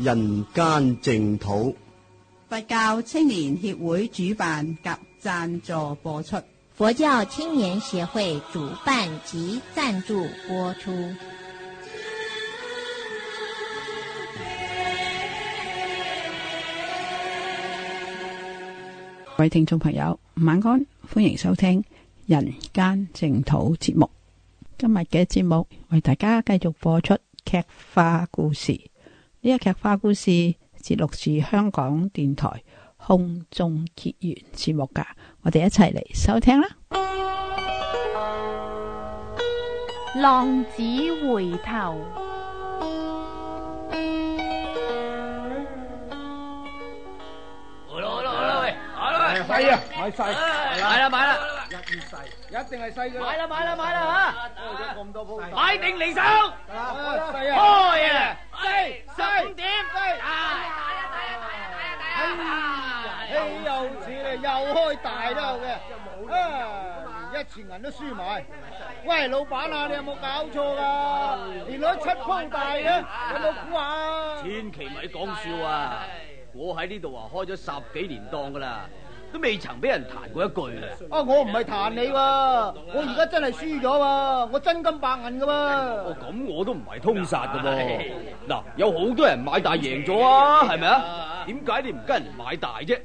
人間淨土，佛教青年協會主辦及贊助播出。佛教青年協會主辦及贊助播出。各位聽眾朋友，晚安，歡迎收聽《人間淨土》節目。今日嘅節目為大家繼續播出劇化故事。呢一劇化故事節錄自香港電台空中結緣節目㗎，我哋一齊嚟收聽啦。浪子回頭。好啦好啦好啦喂，好啦，細啊買細，買啦買啦，一二細，一定係細嘅，買啦買啦買啦吓，買定離手，開啊！細五點飛啊！氣又似你，又開大都有嘅。啊，一錢銀都輸埋。喂，老闆啊，你有冇搞錯噶？連攞七鋪大嘅，有冇估啊？千祈唔係講笑啊！我喺呢度啊，開咗十幾年檔噶啦。都未曾俾人彈過一句啦！啊，我唔係彈你喎，我而家真係輸咗喎，我真金白銀嘅噃。哦，咁我都唔係通殺嘅噃。嗱，有好多人買大贏咗啊，係咪啊？點解你唔跟人買大啫？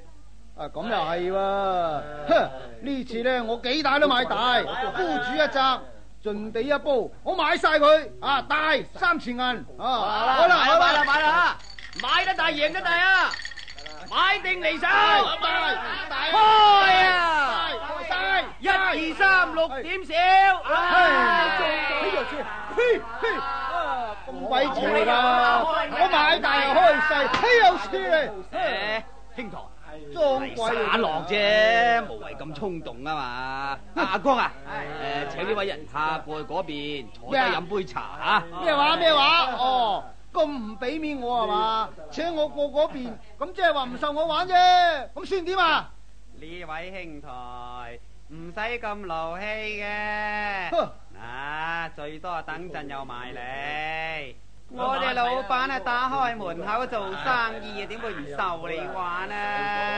啊，咁又係喎。哼，呢次咧，我幾大都買大，孤注一擲，盡地一煲。我買晒佢啊！大三千銀啊！好啦，好啦，買啦，買啦嚇，買得大贏得大啊！買定離手，開啊！一、二、三，六點少，貴錢嚟噶！我買大又開細，嘿，有事嚟。兄台，中貴眼落啫，無謂咁衝動啊嘛。阿光啊，誒，請呢位人客過去嗰邊坐低飲杯茶吓！咩話？咩話？哦。咁唔俾面我係嘛？請我過嗰邊，咁即係話唔受我玩啫，咁算點啊？呢位兄台唔使咁勞氣嘅，嗱、 啊、最多等陣又埋嚟，買我哋老闆係、啊、打開門口做生意，點、啊、會唔受你玩、啊、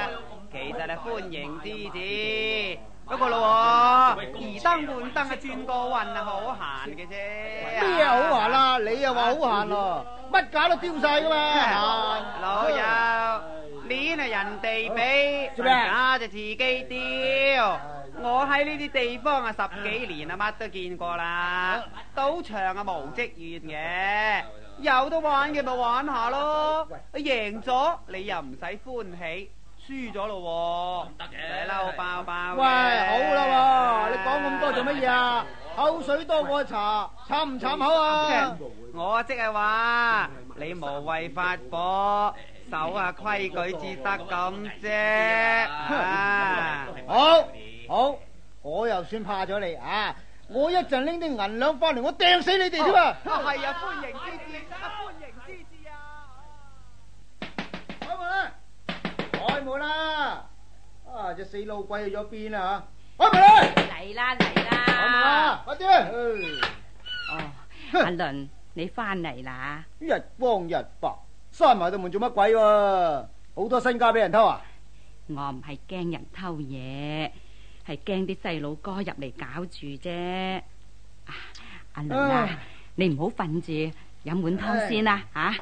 呢？其實係歡迎之至。.不過咯，移燈換燈啊，轉個運啊，好閒嘅啫。咩好閒啦？你又話好閒咯，乜搞都丟晒噶嘛。老友，你係、哎、人哋比做咩？那、啊、就自己丟。啊啊啊啊、我喺呢啲地方啊，十幾年啦，乜都見過啦。賭場啊，無職業嘅，有得玩嘅咪玩下咯。我贏咗，你又唔使歡喜。輸咗咯，唔得嘅，你嬲爆爆。喂，好啦，你講咁多做乜嘢啊？口水多過茶，插唔插口啊？我即係話，你無謂發火，守下規矩至得咁啫。好，好，我又算怕咗你啊！我一陣拎啲銀兩翻嚟，我掟死你哋添嘛！啊，係啊，歡迎歡迎。開門啦！啊，隻死老鬼去咗邊啊？開門嚟啦嚟啦！開門啦，快啲！哦，阿倫，你翻嚟啦！日光日白，閂埋道門做乜鬼？好多身家俾人偷啊！我唔係驚人偷嘢，係驚啲細佬哥入嚟搞住啫。阿倫啊，你唔好瞓住，飲碗湯先啦，吓！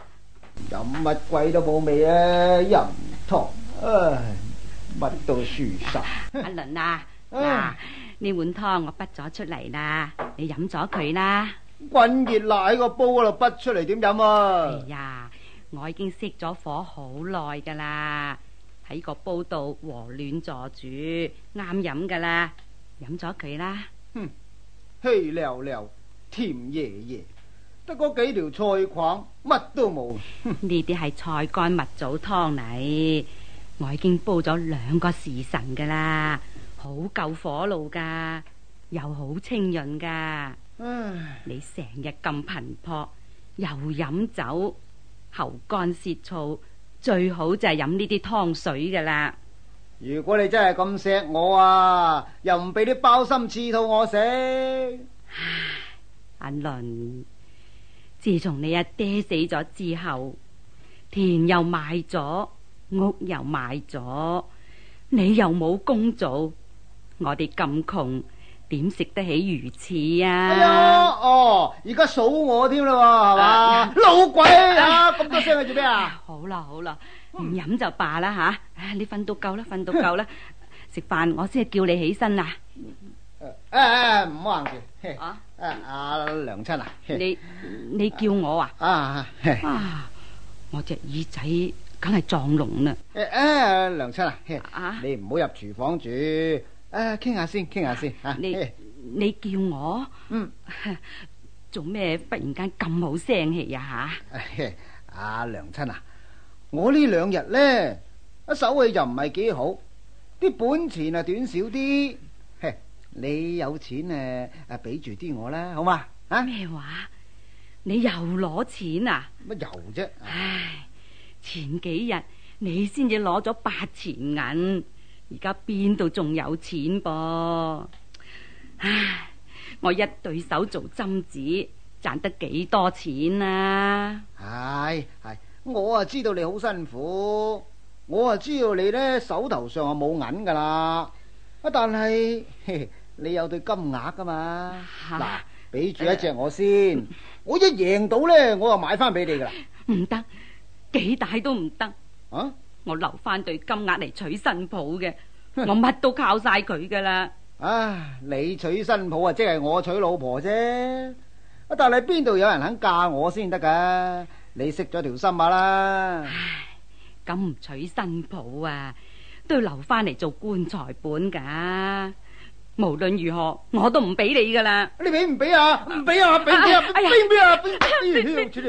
飲乜鬼都冇味啊！飲湯。唉，乜都舒適。阿倫啊，嗱，呢碗湯我滗咗出嚟啦，你飲咗佢啦。滾熱辣喺個煲嗰度滗出嚟點飲啊？哎呀，我已經熄咗火好耐噶啦，喺個煲度和暖助煮，啱飲噶啦，飲咗佢啦。哼，氣溜溜，甜爺爺，得嗰幾條菜框，乜都冇。呢啲係菜乾蜜棗湯嚟。我已經煲咗兩個時辰噶啦，好夠火爐噶，又好清潤噶。唉 你成日咁頻撲，又飲酒，喉乾舌燥，最好就係飲呢啲湯水噶啦。如果你真係咁錫我啊，又唔俾啲鮑參刺肚我食。阿倫，自從你阿爹死咗之後，田又賣咗。屋又賣咗，你又冇工做，我哋咁窮，點食得起魚翅啊？哦，而家數我添啦，係嘛老鬼啊！咁多聲係做咩啊？好啦好啦，唔飲就罷啦吓，你瞓到夠啦，瞓到夠啦，食飯我先係叫你起身啊！唔好行住啊！阿阿娘親啊，你你叫我啊？啊啊！我隻耳仔。梗係撞聾啦！誒，娘親啊，啊，你唔好入廚房住，誒，傾下先，傾下先吓。你你叫我，嗯，做咩忽然間咁好聲氣啊吓？阿娘親啊，我呢兩日咧，啊，手氣就唔係幾好，啲本錢啊短少啲。嘿，你有錢誒誒俾住啲我啦，好嘛？啊咩話？你又攞錢啊？乜又啫？唉。前幾日你先至攞咗八錢銀，而家邊度仲有錢噃？唉，我一對手做針子，賺得幾多錢啊？係係，我啊知道你好辛苦，我啊知道你呢手頭上啊冇銀噶啦，但係你有對金額噶嘛？嗱、啊，俾住一隻我先，呃、我一贏到呢，我就買翻俾你噶啦。唔得。幾大都唔得，啊，我留翻對金額嚟娶新抱嘅，我乜都靠晒佢噶啦。啊，你娶新抱啊，即係我娶老婆啫。但係邊度有人肯嫁我先得噶？你識咗條心嘛啦？唉，咁唔娶新抱啊，都要留翻嚟做棺材本噶。無論如何，我都唔俾你噶啦！你俾唔俾啊？唔俾啊？俾唔俾啊？俾唔俾啊？俾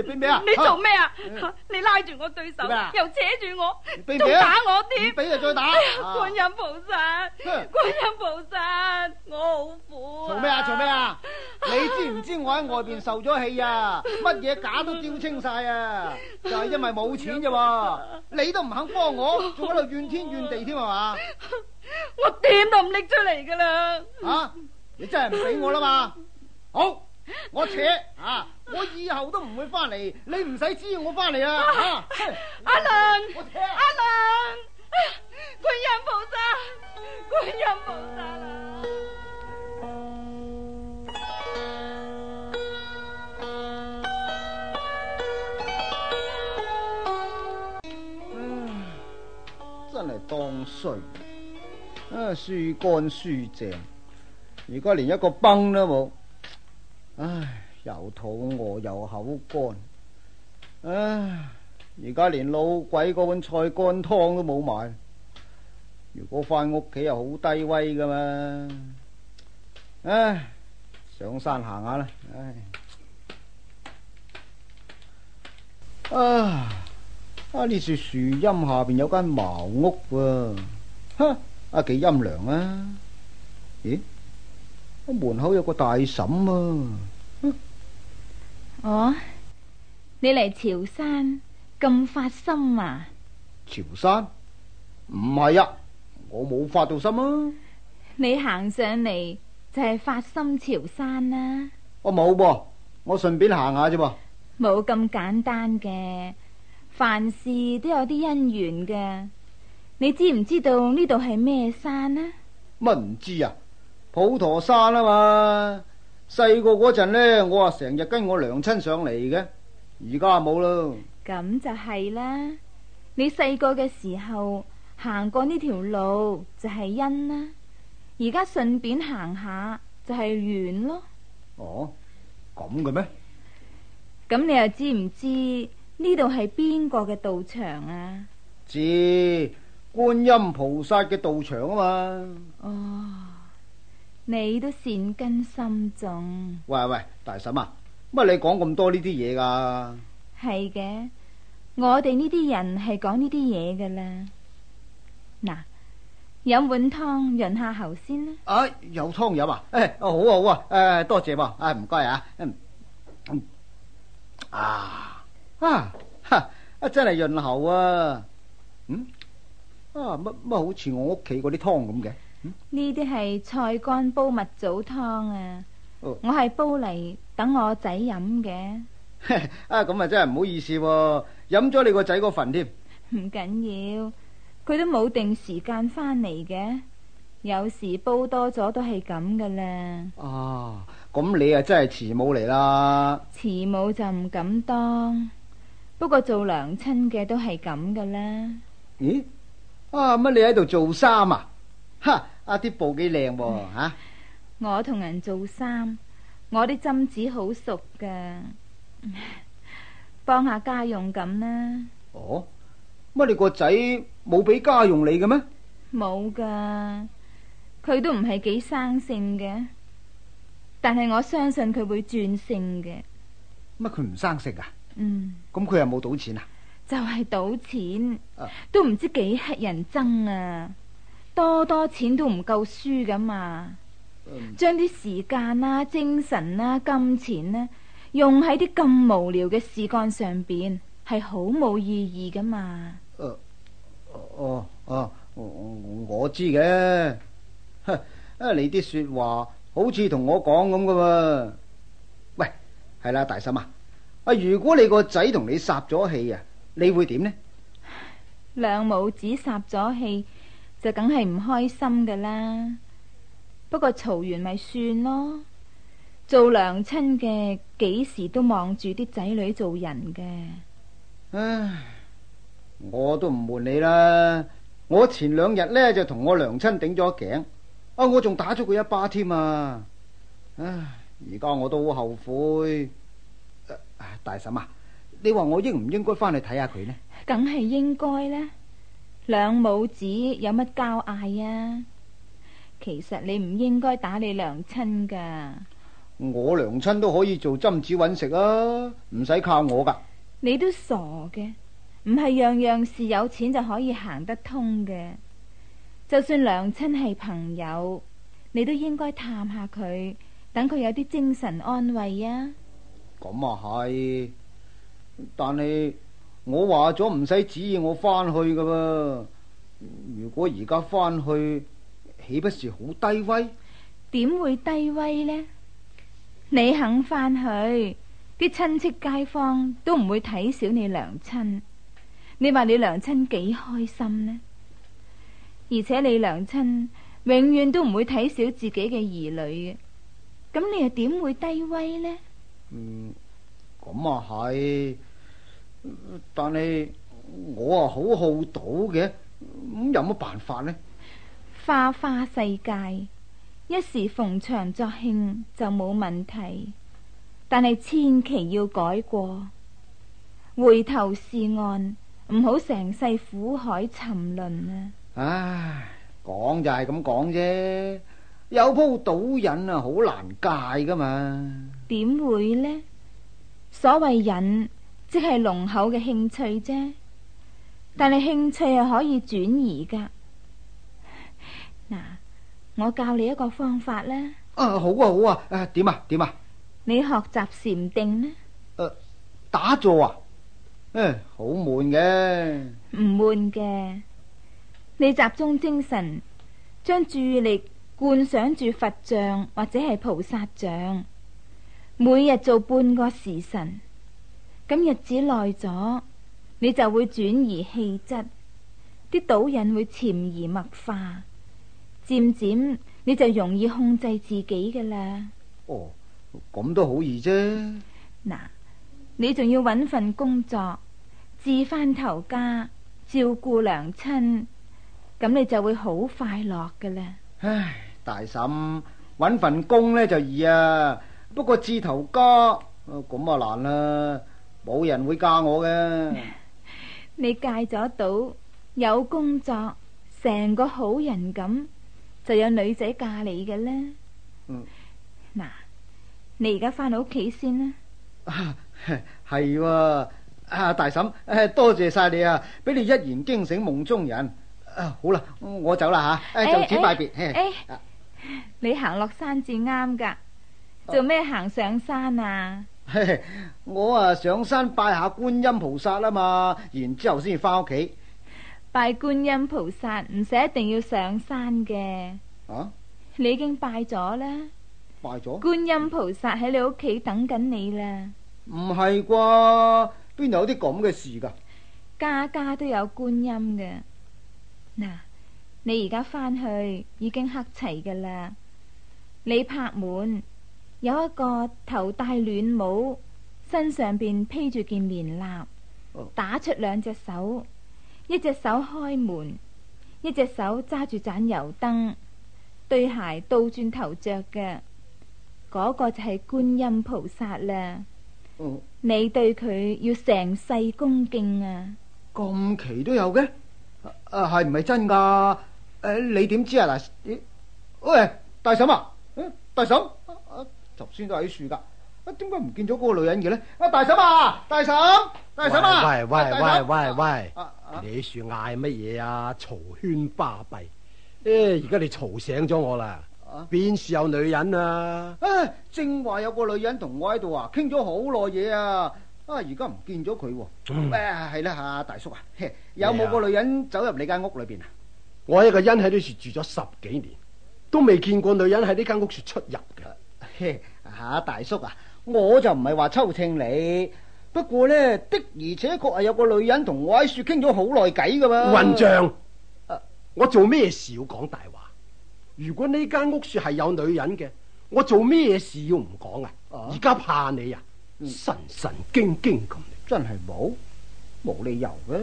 俾啊？你做咩啊？你拉住我對手，又扯住我，仲打我添？唔俾就再打！觀音菩薩，觀音菩薩，我好苦！做咩啊？做咩啊？你知唔知我喺外邊受咗氣啊？乜嘢假都丟清晒啊！就係因為冇錢啫，你都唔肯幫我，仲喺度怨天怨地添係嘛？我點都唔拎出嚟噶啦！啊，你真係唔俾我啦嘛！ 好，我扯啊！我以後都唔會翻嚟，你唔使知我翻嚟啊！阿亮，我、啊、娘，阿亮、啊，觀音菩薩，觀音菩薩啦、啊啊啊！真係當衰。啊，輸乾輸淨，而家連一個崩都冇，唉，又肚餓又口乾，唉，而家連老鬼嗰碗菜乾湯都冇埋。如果翻屋企又好低威噶嘛，唉，上山行下啦，唉，啊，啊呢樹樹蔭下邊有間茅屋啊，哼。啊，幾陰涼啊！咦，我門口有個大嬸啊！啊哦，你嚟潮山咁發心啊？潮山唔係啊，我冇發到心啊！你行上嚟就係發心潮山啦，啊啊啊！我冇噃，我順便行下啫噃。冇咁簡單嘅，凡事都有啲因緣嘅。你知唔知道呢度係咩山啊？乜唔知啊？普陀山啊嘛！細個嗰陣呢，我話成日跟我娘親上嚟嘅，而家冇咯。咁就係啦。你細個嘅時候行過呢條路就係因啦，而家順便行下就係緣咯。哦，咁嘅咩？咁你又知唔知呢度係邊個嘅道場啊？知。觀音菩薩嘅道場啊嘛，哦，oh, 你都善根深重。喂喂，大嬸啊，乜你講咁多呢啲嘢噶？係嘅，我哋呢啲人係講呢啲嘢噶啦。嗱，飲碗湯潤下喉先啦。啊，有湯飲啊？誒、哎，好啊，好啊，誒，多謝、啊，誒、啊，唔該啊。啊，啊，真係潤喉啊，嗯。啊！乜乜好似我屋企嗰啲湯咁嘅？呢啲係菜乾煲蜜棗湯啊！哦、我係煲嚟等我仔飲嘅。 啊，咁啊真係唔好意思，啊，飲咗你個仔嗰份添，啊。唔緊要，佢都冇定時間翻嚟嘅，有時煲多咗都係咁噶啦。啊，咁你啊真係慈母嚟啦！慈母就唔敢當，不過做娘親嘅都係咁噶啦。咦？啊，乜你喺度做衫啊？吓、啊，阿啲布幾靚喎吓！我同人做衫，我啲針黹好熟噶，幫下家用咁啦。哦，乜你個仔冇俾家用你嘅咩？冇噶，佢都唔係幾生性嘅，但係我相信佢會轉性嘅。乜佢唔生性啊？嗯。咁佢又冇賭錢啊？就係賭錢，啊、都唔知幾乞人憎啊！多多錢都唔夠輸噶嘛，將啲、嗯、時間啊、精神啊、金錢呢、啊，用喺啲咁無聊嘅事幹上邊，係好冇意義噶嘛？哦哦、啊啊啊，我知嘅，你啲說話好似同我講咁噶喎。喂，係啦，大嬸啊，啊如果你個仔同你霎咗氣啊！你會點呢？兩母子霎咗氣，就梗係唔開心噶啦。不過嘈完咪算咯。做娘親嘅幾時都望住啲仔女做人嘅。唉，我都唔瞞你啦。我前兩日呢，就同我娘親頂咗頸，啊，我仲打咗佢一巴添啊！唉，而家我都好後悔。大嬸啊！你話我應唔應該翻去睇下佢呢？梗係應該啦，兩母子有乜交嗌呀，啊？其實你唔應該打你娘親噶。我娘親都可以做針黹揾食啊，唔使靠我噶。你都傻嘅，唔係樣樣事有錢就可以行得通嘅。就算娘親係朋友，你都應該探下佢，等佢有啲精神安慰呀。咁啊，係。但係我話咗唔使指意我翻去噶噃，如果而家翻去，豈不是好低威？點會低威呢？你肯翻去，啲親戚街坊都唔會睇小你娘親。你話你娘親幾開心呢？而且你娘親永遠都唔會睇小自己嘅兒女嘅，咁你又點會低威呢？嗯。咁啊係，但係我啊好好賭嘅，咁有乜辦法呢？花花世界，一時逢場作興就冇問題，但係千祈要改過，回頭是岸，唔好成世苦海沉淪啊！唉，講就係咁講啫，有鋪賭癮啊，好難戒㗎嘛？點會呢？所謂癮，即係濃厚嘅興趣啫。但係興趣係可以轉移噶。嗱，我教你一個方法啦。啊，好啊，好啊。誒，點啊，點啊？你學習禪定呢，啊？打坐啊？嗯，好悶嘅。唔悶嘅，你集中精神，將注意力觀想住佛像或者係菩薩像。每日做半個時辰，咁日子耐咗，你就會轉移氣質，啲賭癮會潛移默化，漸漸你就容易控制自己㗎喇。哦，咁都好易啫，啊。嗱，你仲要揾份工作，置返頭家，照顧娘親，咁你就會好快樂㗎喇。唉，大嬸，揾份工呢就易啊。不過字頭加，咁啊難啦，冇人會嫁我嘅。你戒咗賭，有工作，成個好人咁，就有女仔嫁你嘅啦。嗯，嗱，你而家翻到屋企先啦。係喎，阿大嬸，多謝晒你啊，俾你一言驚醒夢中人。好啦，我走啦吓，就此拜別。誒，你行落山至啱噶。啊、做咩行上山啊？嘿嘿，我啊上山拜下觀音菩薩啦嘛然之後先至翻屋企。拜觀音菩薩唔使一定要上山嘅。啊！你已經拜咗啦。拜咗了。觀音菩薩喺你屋企等緊你啦。唔係啩？邊度有啲咁嘅事噶家家都有觀音噶。嗱，你而家翻去已經黑齊噶啦。你拍門。有一個頭戴暖帽，身上邊披住件棉衲，打出兩隻手，一隻手開門，一隻手揸住盞油燈，對鞋倒轉頭着嘅嗰個就係觀音菩薩啦。嗯、你對佢要成世恭敬啊！咁奇都有嘅，啊係唔係真噶？誒、啊，你點知啊？嗱，喂，大嬸啊，嗯、啊，大嬸。頭先都喺樹噶，啊，點解唔見咗嗰個女人嘅呢？阿大嬸啊，大嬸、啊，大嬸啊！喂喂喂喂喂，你樹嗌乜嘢啊？嘈喧巴閉！誒，而家你嘈、啊哎、醒咗我啦！邊處、啊、有女人啊？啊正話有個女人同我喺度啊，傾咗好耐嘢啊！啊，而家唔見咗佢、啊。誒、嗯，係啦、啊，阿大叔啊，有冇個女人走入你間屋裏邊啊？麼我一個人喺呢樹住咗十幾年，都未見過女人喺呢間屋樹出入嘅。啊嘿、啊，大叔啊，我就唔係話抽秤你，不過呢的而且確係有個女人同我喺樹傾咗好耐偈噶噃。混賬帳、啊！我做咩事要講大話？如果呢間屋樹係有女人嘅，我做咩事要唔講啊？而家、啊、怕你啊？神神經經咁，真係冇，冇理由嘅。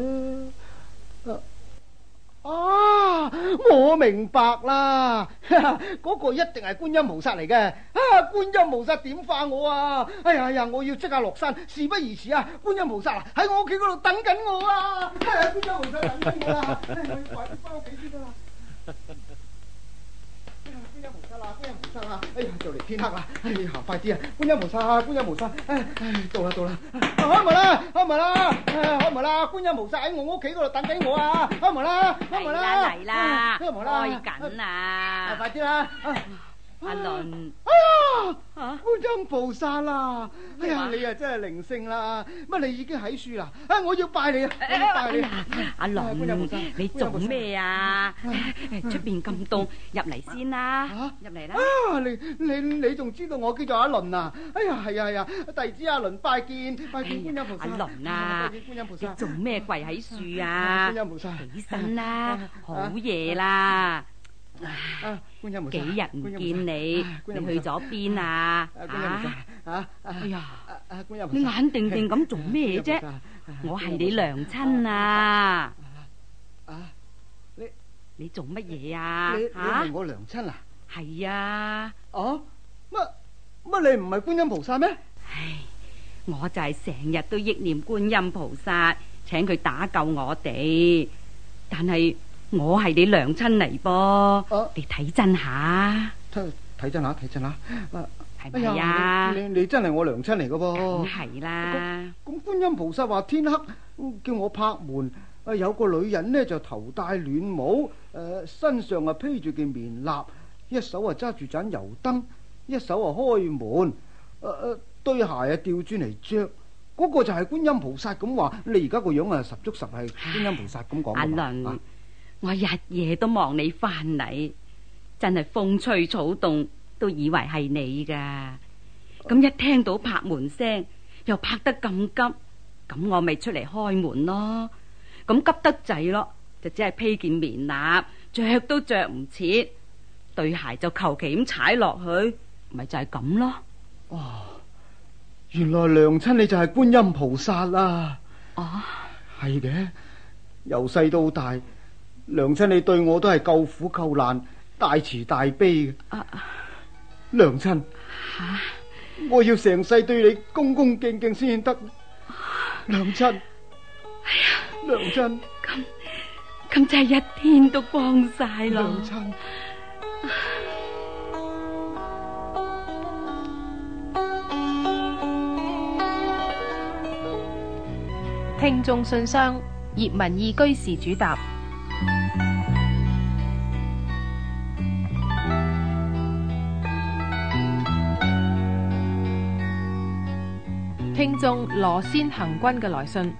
啊！我明白啦，嗰、那個一定係觀音菩薩嚟嘅。啊，觀音菩薩點化我啊！哎呀呀，我要即刻落山，事不宜遲啊！觀音菩薩啊，喺我屋企嗰度等緊我啊！哎、觀音菩薩等緊我啦、啊， 我要快啲翻屋企先啦。觀音菩薩啦，觀音菩薩啊，哎呀，就嚟天黑啦，哎，行快啲啊！觀音菩薩啊，觀音菩薩，哎，到啦，到啦，開門啦，開門啦，開門啦！觀音菩薩喺我屋企嗰度等緊我啊，開門啦，開門啦！嚟啦嚟啦，開緊啊，快啲啦！阿倫，哎呀，觀音菩薩啦，哎呀，你啊真係靈性啦，乜你已經喺樹啦，哎，我要拜你啊！拜你啊！哎呀，阿倫，你做咩啊？出邊咁凍，入嚟先啦，入嚟啦！啊，你你你仲知道我叫做阿倫啊？哎呀，係啊係啊，弟子阿倫拜見，拜見觀音菩薩。阿倫啊，拜見觀音菩薩。你做咩跪喺樹啊？觀音菩薩，起身啦，好夜啦。幾日唔見你，你去咗邊啊？啊啊！哎呀，你眼定定咁做咩啫？我係你娘親啊！啊，你你做乜嘢啊？吓，你係我娘親啊？係啊！哦，乜乜？你唔係觀音菩薩咩？唉，我就係成日都憶念觀音菩薩，請佢打救我哋，但係。我係你娘親嚟噃，你睇真下，睇真下，睇真下，係咪啊？你你真係我娘親嚟噶噃？係啦。咁觀音菩薩話天黑，叫我拍門，啊有個女人呢就頭戴暖帽，誒身上啊披住件棉衲，一手啊揸住盞油燈，一手啊開門，誒誒對鞋啊掉轉嚟着，嗰個就係觀音菩薩咁話，你而家個樣啊十足十係觀音菩薩咁講嘅嘛。我日夜都望你翻嚟，真係風吹草動都以為係你噶。咁一聽到拍門聲，啊、又拍得咁急，咁我咪出嚟開門咯。咁急得滯咯，就只係披件棉衲，着都着唔切，對鞋就求其咁踩落去，咪就係、是、咁咯。哦，原來娘親你就係觀音菩薩啦、啊。哦、啊，係嘅，由細到大。娘親，你對我都係救苦救難，大慈大悲嘅。啊，娘親，吓，我要成世對你恭恭敬敬先得。娘親，哎呀，娘親，咁咁真係一天都光晒咯。娘親，唉聽眾信箱，葉文義居士主答。聽眾羅先行君嘅來信，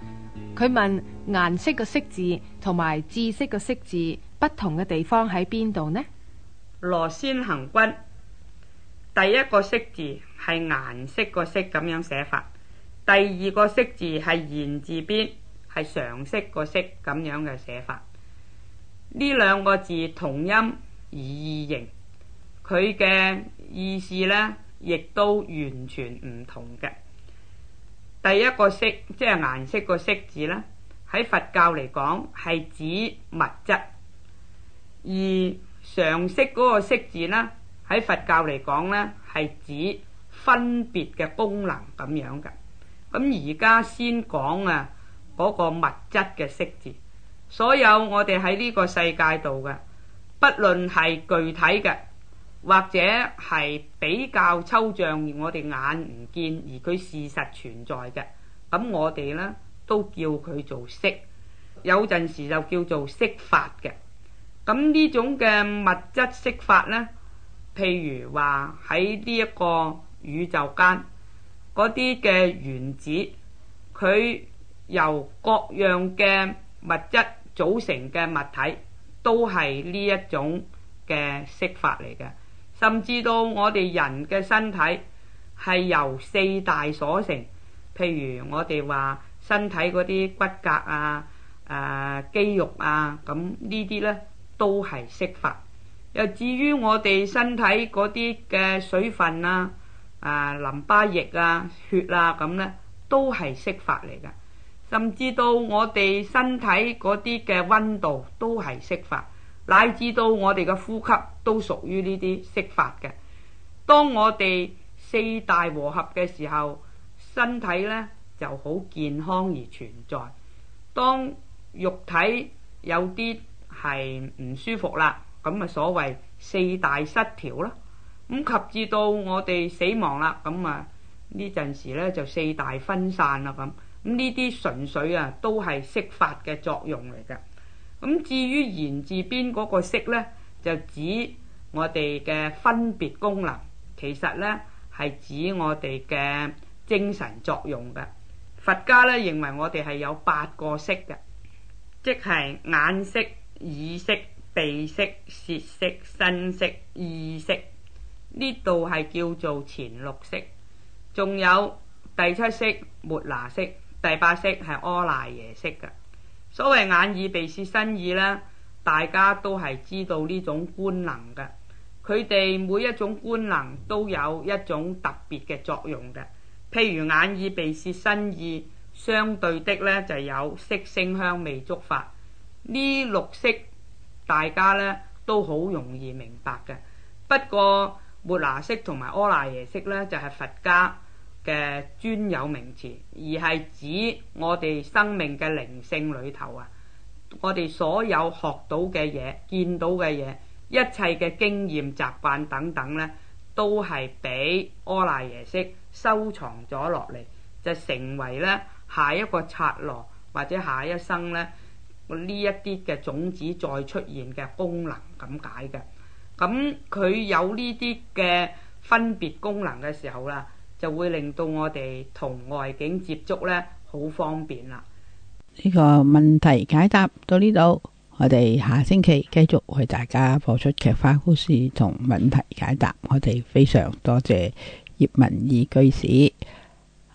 佢問顏色嘅色字同埋字色嘅識字不同嘅地方喺邊度呢？羅先行君第一個色字係顏色個色咁樣寫法，第二個識字係言字邊係常識個識咁樣嘅寫法。呢兩個字同音而異形，佢嘅意思呢亦都完全唔同嘅。第一個色即係顏色個色字呢，喺佛教嚟講係指物質；而常識嗰個色字呢，喺佛教嚟講呢係指分別嘅功能咁樣嘅。咁而家先講啊嗰個物質嘅色字。所有我哋喺呢個世界度嘅，不論係具體嘅，或者係比較抽象我而我哋眼唔見而佢事實存在嘅，咁我哋呢，都叫佢做色，有陣時就叫做色法嘅。咁呢種嘅物質色法呢，譬如話喺呢一個宇宙間嗰啲嘅原子，佢由各樣嘅物質。組成嘅物體都係呢一種嘅色法嚟嘅，甚至到我哋人嘅身體係由四大所成，譬如我哋話身體嗰啲骨骼啊、誒、啊、肌肉啊，咁呢啲呢，都係色法。又至於我哋身體嗰啲嘅水分啦、啊、啊淋巴液啊、血啊咁呢，都係色法嚟嘅。甚至到我哋身體嗰啲嘅溫度都係釋法，乃至到我哋嘅呼吸都屬於呢啲釋法嘅。當我哋四大和合嘅時候，身體呢就好健康而存在。當肉體有啲係唔舒服啦，咁啊所謂四大失調啦，咁及至到我哋死亡啦，咁啊呢陣時呢，就四大分散啦咁。呢啲純粹啊，都係色法嘅作用嚟㗎。咁至於言字邊嗰個識呢，就指我哋嘅分別功能。其實呢係指我哋嘅精神作用嘅。佛家呢認為我哋係有八個識嘅，即係眼識、耳識、鼻識、舌識、識、身識、意識。呢度係叫做前六識，仲有第七識末那識。第八色係阿賴耶色嘅，所謂眼耳鼻舌身意咧，大家都係知道呢種官能嘅，佢哋每一種官能都有一種特別嘅作用嘅。譬如眼耳鼻舌身意，相對的呢就有色聲香味觸法，呢六色大家咧都好容易明白嘅。不過末那色同埋阿賴耶色呢，就係、是、佛家嘅專有名詞，而係指我哋生命嘅靈性裏頭啊，我哋所有學到嘅嘢、見到嘅嘢、一切嘅經驗、習慣等等呢，都係俾阿賴耶識收藏咗落嚟，就成為呢下一個拆羅或者下一生呢呢一啲嘅種子再出現嘅功能咁解嘅。咁佢有呢啲嘅分別功能嘅時候啦。就會令到我哋同外境接觸呢，好方便啦。呢個問題解答到呢度，我哋下星期繼續為大家播出劇化故事同問題解答。我哋非常多謝葉文義居士。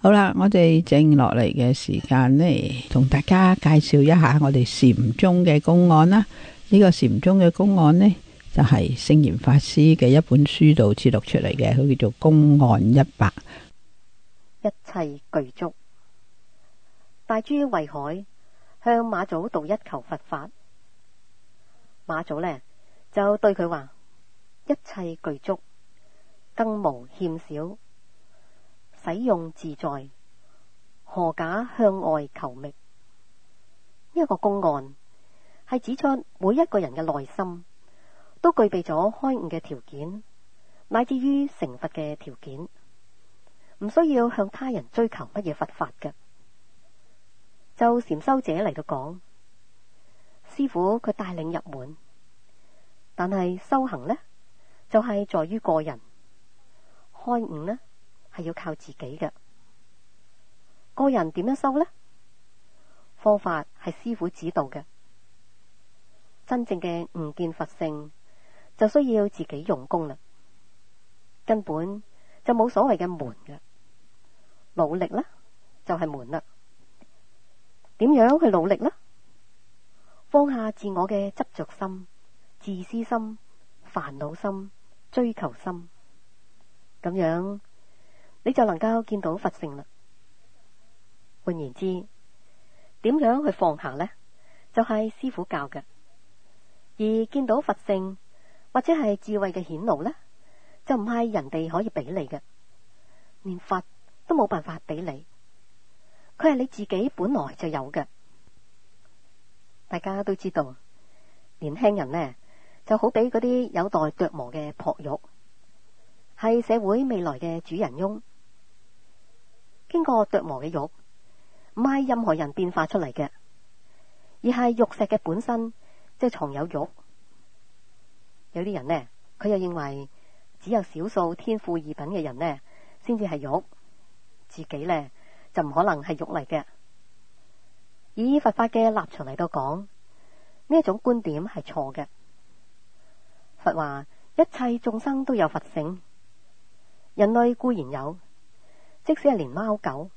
好啦，我哋剩落嚟嘅時間呢，同大家介紹一下我哋禪宗嘅公案啦。呢個禪宗嘅公案呢，就係聖嚴法師嘅一本書度記錄出嚟嘅，佢叫做《公案一百》，一切具足，大珠慧海向馬祖道一求佛法，馬祖呢，就對佢話：一切具足，更無欠少，使用自在，何假向外求覓？呢一個公案係指出每一個人嘅內心。都具備咗開悟嘅條件，乃至於成佛嘅條件，唔需要向他人追求乜嘢佛法嘅。就禪修者嚟嘅講，師父佢帶領入門，但係修行呢，就係、是、在於個人。開悟呢，係要靠自己嘅，個人點樣修呢？方法係師傅指導嘅，真正嘅唔見佛性。就需要自己用功啦，根本就冇所謂嘅門嘅，努力啦就係門啦。點樣去努力咧？放下自我嘅執着心、自私心、煩惱心、追求心，咁樣你就能夠見到佛性啦。換言之，點樣去放下呢？就係師傅教嘅，而見到佛性。或者係智慧嘅顯露呢，就唔係人哋可以俾你嘅，連佛都冇辦法俾你。佢係你自己本來就有嘅。大家都知道，年輕人呢就好比嗰啲有待琢磨嘅璞玉，係社會未來嘅主人翁。經過琢磨嘅玉唔係任何人變化出嚟嘅，而係玉石嘅本身即係藏有玉。有啲人呢，佢又認為只有少數天賦異稟嘅人呢，先至係玉，自己呢就唔可能係玉嚟嘅。以佛法嘅立場嚟到講，呢一種觀點係錯嘅。佛話一切眾生都有佛性，人類固然有，即使係連貓狗，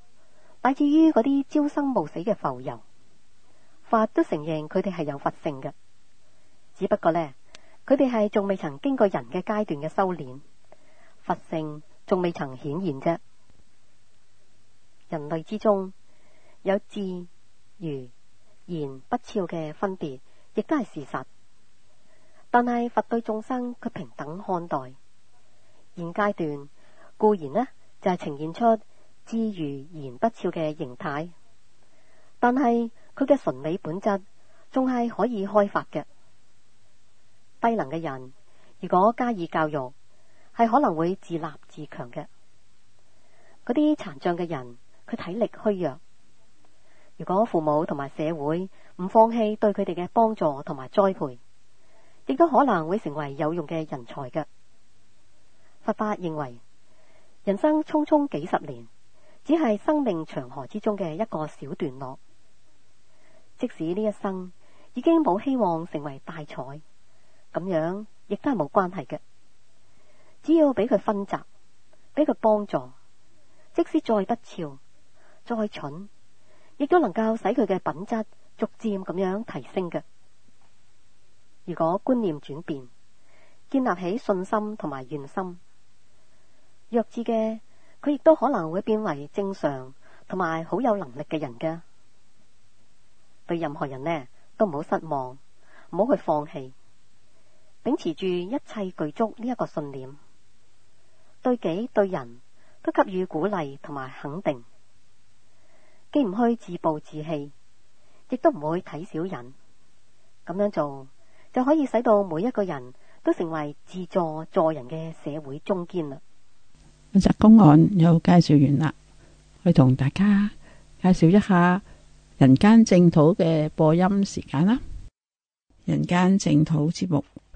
乃至於嗰啲朝生暮死嘅浮游，佛都承認佢哋係有佛性嘅，只不過呢，佢哋係仲未曾經過人嘅階段嘅修煉，佛性仲未曾顯現啫。人類之中有智愚言不肖嘅分別，亦都係事實。但係佛對眾生卻平等看待，現階段固然呢，就係、是、呈現出智愚言不肖嘅形態，但係佢嘅純理本質仲係可以開發嘅。低能嘅人，如果加以教育，係可能會自立自強嘅。嗰啲殘障嘅人，佢體力虛弱，如果父母同埋社會唔放棄對佢哋嘅幫助同埋栽培，亦都可能會成為有用嘅人才嘅。佛法認為，人生匆匆幾十年，只係生命長河之中嘅一個小段落。即使呢一生已經冇希望成為大才。咁樣亦都係冇關係嘅，只要俾佢分責，俾佢幫助，即使再不肖、再蠢，亦都能夠使佢嘅品質逐漸咁樣提升嘅。如果觀念轉變，建立起信心同埋願心，弱智嘅佢亦都可能會變為正常同埋好有能力嘅人嘅。對任何人呢，都唔好失望，唔好去放棄。秉持住一切具足呢一個信念，對己對人都給予鼓勵同埋肯定，既唔去自暴自棄，亦都唔會睇小人。咁樣做就可以使到每一個人都成為自助助人嘅社會中堅啦。本集公案又介紹完啦，去同大家介紹一下人間淨土嘅播音時間啦。人間淨土節目。